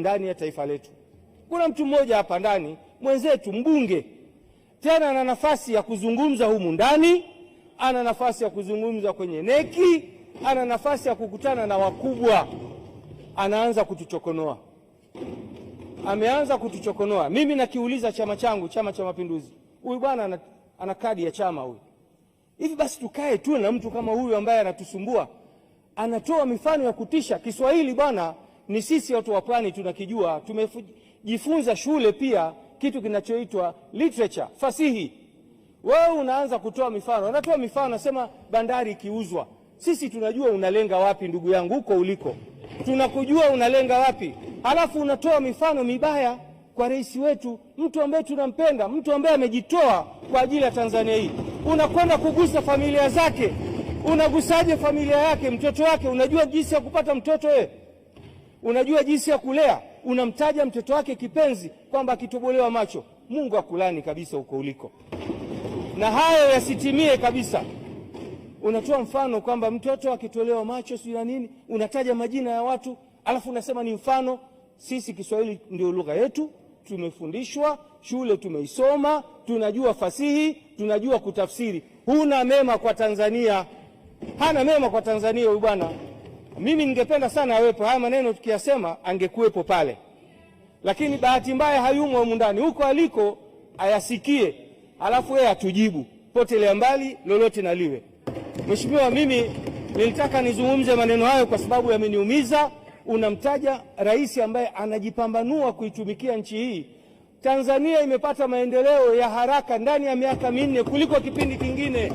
ndani ya taifa letu. Kuna mtu mmoja hapa ndani mwenzetu, mbunge tena, ana nafasi ya kuzungumza humu ndani, ana nafasi ya kuzungumza kwenye neki, ana nafasi ya kukutana na wakubwa, anaanza kutuchokonoa. Ameanza kutuchokonoa. Mimi nakiuliza chama changu, Chama cha Mapinduzi, huyu bwana ana, ana kadi ya chama huyu. Hivi basi tukae tu na mtu kama huyu ambaye anatusumbua, anatoa mifano ya kutisha. Kiswahili bwana ni sisi watu wa pwani tunakijua, tumejifunza shule pia kitu kinachoitwa literature, fasihi. Wewe unaanza kutoa mifano, unatoa mifano, nasema bandari ikiuzwa. Sisi tunajua unalenga wapi, ndugu yangu, huko uliko tunakujua unalenga wapi, halafu unatoa mifano mibaya kwa rais wetu, mtu ambaye tunampenda, mtu ambaye amejitoa kwa ajili ya Tanzania hii. Unakwenda kugusa familia zake, unagusaje familia yake, mtoto wake? Unajua jinsi ya kupata mtoto wewe? unajua jinsi ya kulea, unamtaja mtoto wake kipenzi kwamba akitobolewa macho Mungu akulani kabisa huko uliko, na hayo yasitimie kabisa. Unatoa mfano kwamba mtoto akitolewa macho sijui na nini, unataja majina ya watu alafu unasema ni mfano. Sisi Kiswahili ndio lugha yetu, tumefundishwa shule, tumeisoma, tunajua fasihi, tunajua kutafsiri. Huna mema kwa Tanzania, hana mema kwa Tanzania huyu bwana. Mimi ningependa sana awepo, haya maneno tukiyasema angekuwepo pale, lakini bahati mbaya hayumo humu ndani, huko aliko ayasikie, alafu yeye atujibu potelea mbali, lolote na liwe. Mheshimiwa, mimi nilitaka nizungumze maneno hayo kwa sababu yameniumiza. Unamtaja rais ambaye anajipambanua kuitumikia nchi hii. Tanzania imepata maendeleo ya haraka ndani ya miaka minne kuliko kipindi kingine.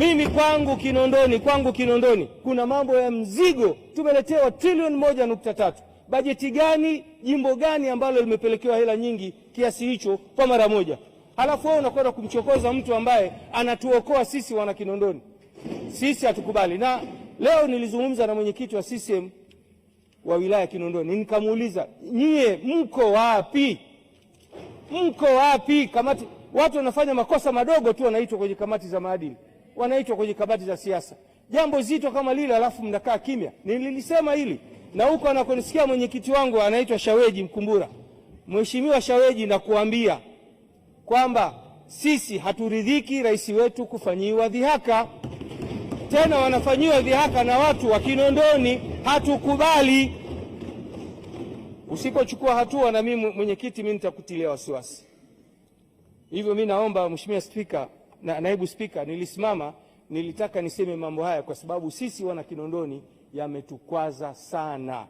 Mimi kwangu Kinondoni, kwangu Kinondoni kuna mambo ya mzigo. Tumeletewa trilioni moja nukta tatu. Bajeti gani, jimbo gani ambalo limepelekewa hela nyingi kiasi hicho kwa mara moja? Halafu wewe unakwenda kumchokoza mtu ambaye anatuokoa sisi wana Kinondoni. Sisi hatukubali. Na leo nilizungumza na mwenyekiti wa CCM wa wilaya Kinondoni, nikamuuliza nyie, mko wapi? Mko wapi kamati? Watu wanafanya makosa madogo tu wanaitwa kwenye kamati za maadili wanaitwa kwenye kabati za siasa. Jambo zito kama lile, alafu mnakaa kimya. Nililisema hili na huko anakonisikia mwenyekiti wangu anaitwa Shaweji Mkumbura. Mheshimiwa Shaweji, nakuambia kwamba sisi haturidhiki rais wetu kufanyiwa dhihaka, tena wanafanyiwa dhihaka na watu wa Kinondoni, hatukubali. Usipochukua hatua, na mimi mwenyekiti, mimi nitakutilia wasiwasi. Hivyo mimi naomba Mheshimiwa Spika na, naibu spika, nilisimama nilitaka niseme mambo haya kwa sababu sisi wana Kinondoni yametukwaza sana.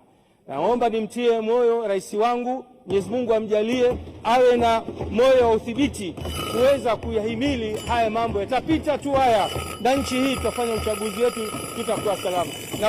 Naomba nimtie moyo rais wangu, Mwenyezi Mungu amjalie awe na moyo wa udhibiti kuweza kuyahimili haya mambo. Yatapita tu haya, na nchi hii tutafanya uchaguzi wetu, tutakuwa salama na